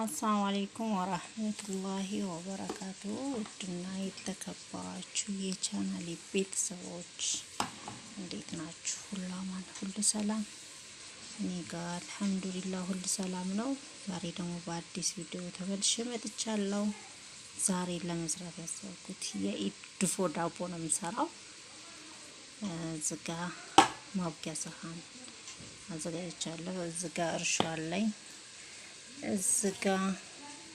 አሰላሙ አሌይኩም ወራህመቱላሂ ወበረካቱ። ውድና የተከባችሁ የቻናሌ ቤተሰቦች እንዴት ናችሁ? ሁላማን አማን፣ ሁሉ ሰላም። እኔ ጋር አልሐምዱሊላህ ሁሉ ሰላም ነው። ዛሬ ደግሞ በአዲስ ቪዲዮ ተመልሼ መጥቻለሁ። ዛሬ ለመስራት ያሰብኩት የኢድ ድፎ ዳቦ ነው የምሰራው። እዚጋ ማብቂያ ሰሃን አዘጋጅቻለሁ። እዚጋ እርሾ አለኝ እዝጋ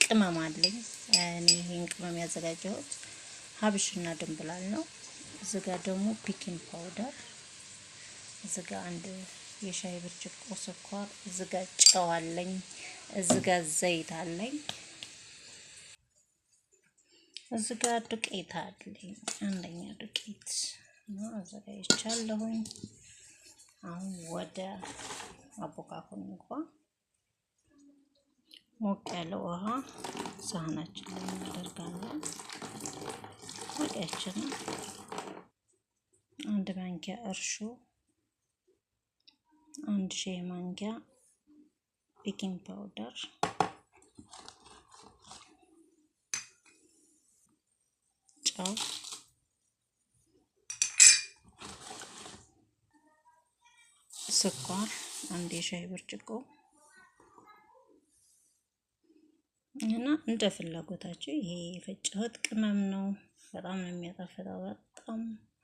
ቅመም አለኝ። እኔ ይህን ቅመም ያዘጋጀሁት ሀብሽና ድንብላል ነው። እዝጋ ደግሞ ፒኪን ፓውደር፣ እዝጋ አንድ የሻይ ብርጭቆ ስኳር፣ እዝጋ ጨው አለኝ፣ እዝጋ ዘይት አለኝ፣ እዝጋ ዱቄት አለኝ። አንደኛ ዱቄት ነው አዘጋጅቻለሁኝ። አሁን ወደ አቦካኩን እንኳን ሞቅ ያለ ውሃ ሳህናችን ላይ እናደርጋለን። ወቂያችንን አንድ ማንኪያ እርሾ፣ አንድ ሻይ ማንኪያ ቤኪንግ ፓውደር ጨው ስኳር አንድ የሻይ ብርጭቆ እና እንደ ፍላጎታችሁ። ይሄ የፈጨሁት ቅመም ነው። በጣም ነው የሚያጣፍጠው። በጣም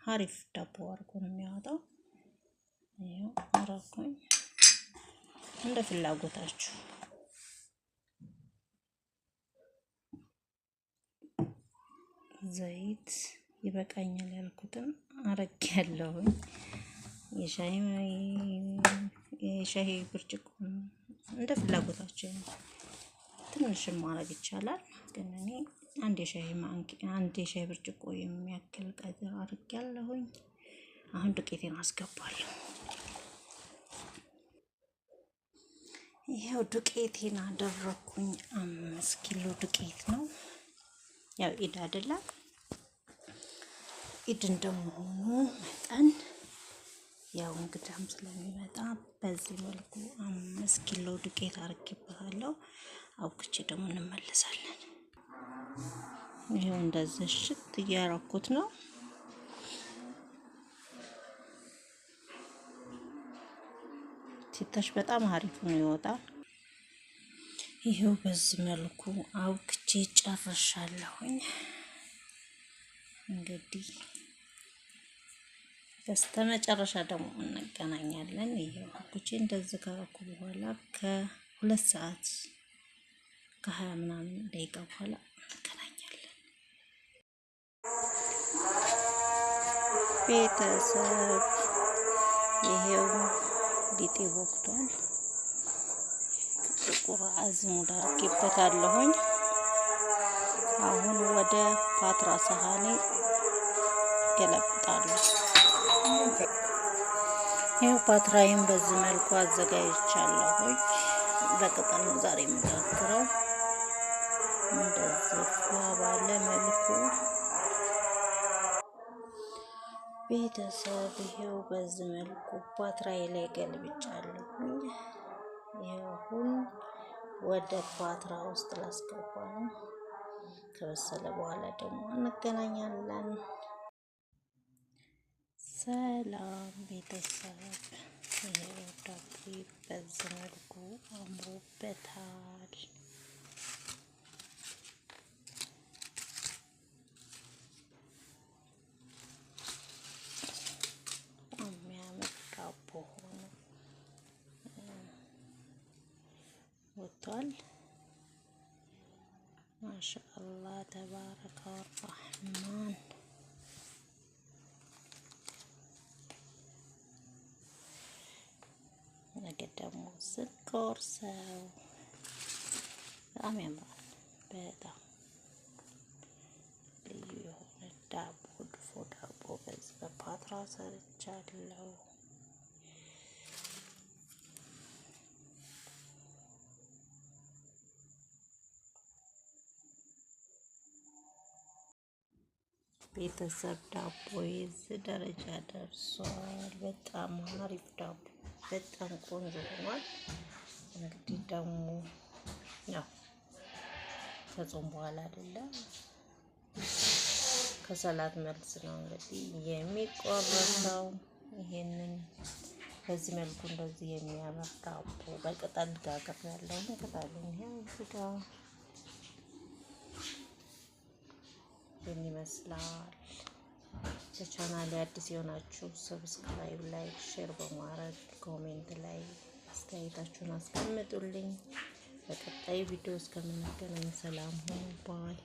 ሀሪፍ ዳቦ አድርጎ ነው የሚያወጣው። ራኮኝ እንደ ፍላጎታችሁ ዘይት ይበቃኛል ያልኩትን አረግ ያለው የሻይ ብርጭቆ እንደ ፍላጎታቸው ነው። ትንሽም ማድረግ ይቻላል። ግን እኔ አንድ የሻይ ማንኪ አንድ የሻይ ብርጭቆ የሚያክል ቀዝር አድርግ ያለሁኝ። አሁን ዱቄቴን አስገባለሁ። ይሄው ዱቄቴን አደረኩኝ። አምስት ኪሎ ዱቄት ነው። ያው ኢድ አይደለም ኢድ እንደመሆኑ መጠን ያው እንግዳም ስለሚመጣ በዚህ መልኩ አምስት ኪሎ ዱቄት አርጌበታለሁ። አውክቼ ደግሞ እንመለሳለን። ይሄው እንደዚህ ሽት እያረኩት ነው። ሲታሽ በጣም አሪፍ ነው ይወጣል። ይሄው በዚህ መልኩ አውክቼ ጨርሻለሁኝ እንግዲህ በስተመጨረሻ ደግሞ እንገናኛለን። ይሄ ኩኩቼ እንደዚህ ካረኩ በኋላ ከሁለት ሰዓት ከሀያ ምናምን ደቂቃ በኋላ እንገናኛለን ቤተሰብ። ይሄው ሊጤ ቦክቷል። ጥቁር አዝሙድ አድርጌበታለሁኝ። አሁን ወደ ፓትራ ሳህኔ ገለብጣለሁ። ይህ ፓትራይም በዚህ መልኩ አዘጋጅቻለሁ። በቅጠል ነው ዛሬ የምጋግረው። እንደዚህ ባለ መልኩ ቤተሰብ ይሄው በዚህ መልኩ ፓትራይ ላይ ገልብጫለሁ። ይሁን ወደ ፓትራ ውስጥ ላስገባ ነው። ከበሰለ በኋላ ደግሞ እንገናኛለን። سلام بتصاب هي تطبيق بزنركو أمرو بتال أمي عم تطبو اه. هون بطل ما شاء الله تبارك الرحمن ነገር ደግሞ ስንቆርሰው በጣም ያምራል። በጣም ልዩ የሆነ ዳቦ ድፎ ዳቦ በዚህ በፓትራ ሰርቻለሁ። ቤተሰብ ዳቦ የዚህ ደረጃ ደርሷል። በጣም አሪፍ ዳቦ በጣም ቆንጆ ሆኗል። እንግዲህ ደግሞ ያው ከጾም በኋላ አይደለም ከሰላት መልስ ነው እንግዲህ የሚቆረሰው። ይሄንን በዚህ መልኩ እንደዚህ የሚያምር ዳቦ በቅጠል ጋገር ያለው ቅጠሉን ይሄ ይመስላል። ቻናል አዲስ የሆናችሁ ሰብስክራይብ፣ ላይክ፣ ሼር በማድረግ ኮሜንት ላይ አስተያየታችሁን አስቀምጡልኝ። በቀጣይ ቪዲዮ እስከምንገናኝ ሰላም ሁኑ ባይ